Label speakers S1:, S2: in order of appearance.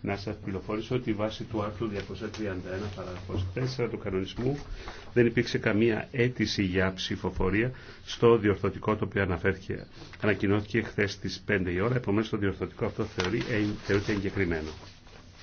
S1: Να σας πληροφορήσω ότι βάσει του άρθρου 231 παράγραφος 4 του κανονισμού δεν υπήρξε καμία αίτηση για ψηφοφορία στο διορθωτικό το οποίο αναφέρθηκε. Ανακοινώθηκε χθε στις 5 η ώρα, επομένως το διορθωτικό αυτό θεωρείται εγκεκριμένο.